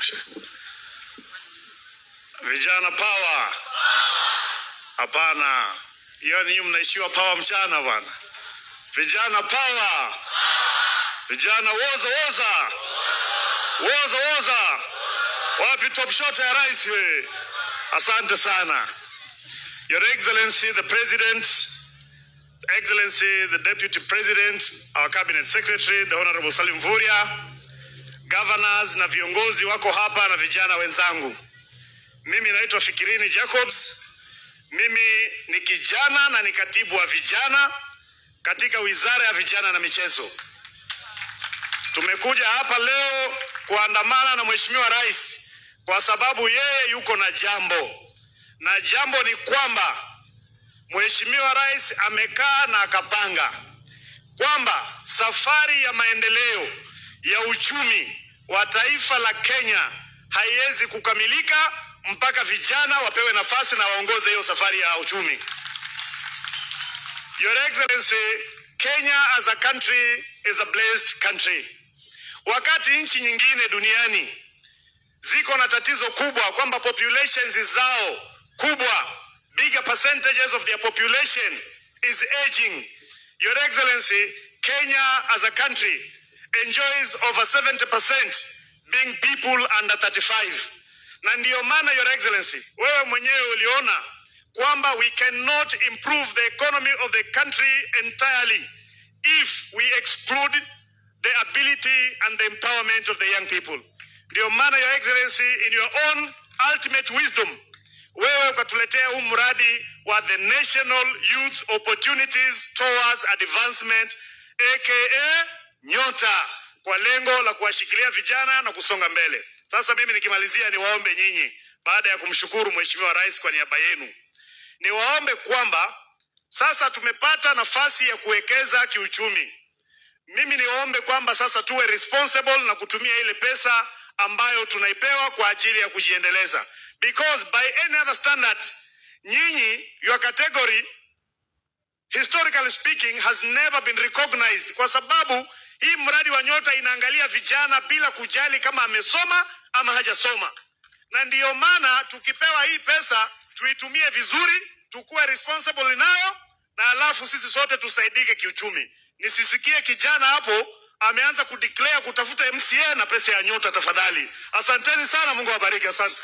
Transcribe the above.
kutosha. Vijana pawa? Hapana, hiyo ni mnaishiwa pawa mchana bwana. Vijana pawa, vijana woza woza woza woza, wapi top shot ya rais we? Asante sana. Your Excellency the President, Excellency the Deputy President, our Cabinet Secretary, the Honorable Salim Vuria, governors na viongozi wako hapa na vijana wenzangu. Mimi naitwa Fikirini Jacobs. Mimi ni kijana na ni katibu wa vijana katika Wizara ya Vijana na Michezo. Tumekuja hapa leo kuandamana na Mheshimiwa Rais kwa sababu yeye yuko na jambo, na jambo ni kwamba Mheshimiwa Rais amekaa na akapanga kwamba safari ya maendeleo ya uchumi wa taifa la Kenya haiwezi kukamilika mpaka vijana wapewe nafasi na waongoze hiyo safari ya uchumi. Your Excellency, Kenya as a country is a blessed country. Wakati nchi nyingine duniani ziko na tatizo kubwa kwamba populations zao kubwa, bigger percentages of their population is aging. Your Excellency, Kenya as a country enjoys over 70% being people under 35 na ndiyo your excellency wewe mwenyewe uliona kwamba we cannot improve the economy of the country entirely if we exclude the ability and the empowerment of the young people ndiyo mana, your excellency in your own ultimate wisdom wewe ukatuletea huu mradi wa the national youth opportunities towards advancement aka nyota kwa lengo la kuwashikilia vijana na kusonga mbele. Sasa mimi nikimalizia, niwaombe nyinyi, baada ya kumshukuru Mheshimiwa Rais kwa niaba yenu, niwaombe kwamba sasa tumepata nafasi ya kuwekeza kiuchumi. Mimi niwaombe kwamba sasa tuwe responsible na kutumia ile pesa ambayo tunaipewa kwa ajili ya kujiendeleza, because by any other standard, nyinyi your category historically speaking has never been recognized kwa sababu hii mradi wa nyota inaangalia vijana bila kujali kama amesoma ama hajasoma, na ndiyo maana tukipewa hii pesa tuitumie vizuri, tukuwe responsible nayo, na alafu sisi sote tusaidike kiuchumi. Nisisikie kijana hapo ameanza kudeclare kutafuta MCA na pesa ya nyota. Tafadhali, asanteni sana. Mungu awabariki. Asante.